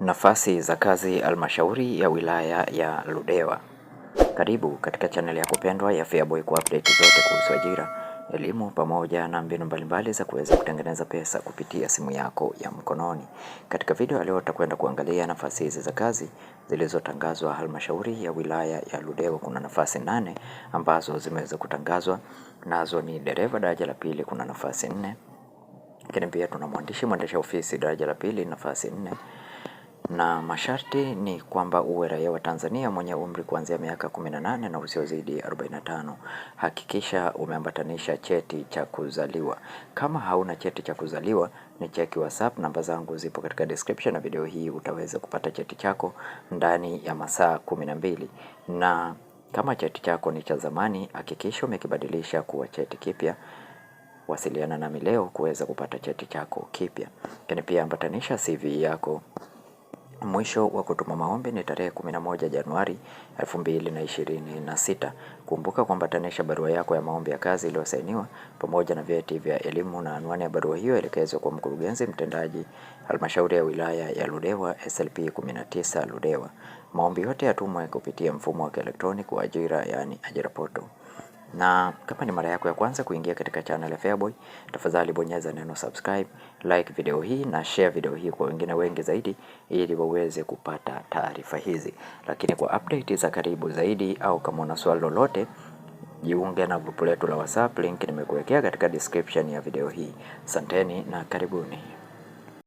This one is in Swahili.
Nafasi za kazi Halmashauri ya Wilaya ya Ludewa. Karibu katika chaneli ya kupendwa ya FEABOY kwa update zote kuhusu ajira, elimu pamoja na mbinu mbalimbali za kuweza kutengeneza pesa kupitia simu yako ya mkononi. Katika video ya leo tutakwenda kuangalia nafasi hizi za kazi zilizotangazwa Halmashauri ya Wilaya ya Ludewa. Kuna nafasi nane ambazo zimeweza kutangazwa, nazo ni dereva daraja la pili, kuna nafasi nne, lakini pia tuna mwandishi mwendesha ofisi daraja la pili nafasi nne na masharti ni kwamba uwe raia wa Tanzania mwenye umri kuanzia miaka 18 na usiozidi 45. Hakikisha umeambatanisha cheti cha kuzaliwa. Kama hauna cheti cha kuzaliwa, ni cheki WhatsApp, namba zangu zipo katika description na video hii, utaweza kupata cheti chako ndani ya masaa 12 na kama cheti chako ni cha zamani, hakikisha umekibadilisha kuwa cheti kipya. Wasiliana nami leo kuweza kupata cheti chako kipya, lakini pia ambatanisha CV yako. Mwisho wa kutuma maombi ni tarehe 11 Januari 2026. Kumbuka kuambatanisha barua yako ya maombi ya kazi iliyosainiwa pamoja na vyeti vya elimu na anwani ya barua hiyo elekezwe kwa Mkurugenzi Mtendaji, Halmashauri ya Wilaya ya Ludewa, SLP 19 Ludewa. Maombi yote yatumwe kupitia mfumo wa kielektroniki wa ajira, yaani ajira poto. Na kama ni mara yako ya kwanza kuingia katika channel ya Feaboy, tafadhali bonyeza neno subscribe, like video hii na share video hii kwa wengine wengi zaidi, ili waweze kupata taarifa hizi. Lakini kwa update za karibu zaidi, au kama una swali lolote, jiunge na grupu letu la WhatsApp, link nimekuwekea katika description ya video hii. Santeni na karibuni.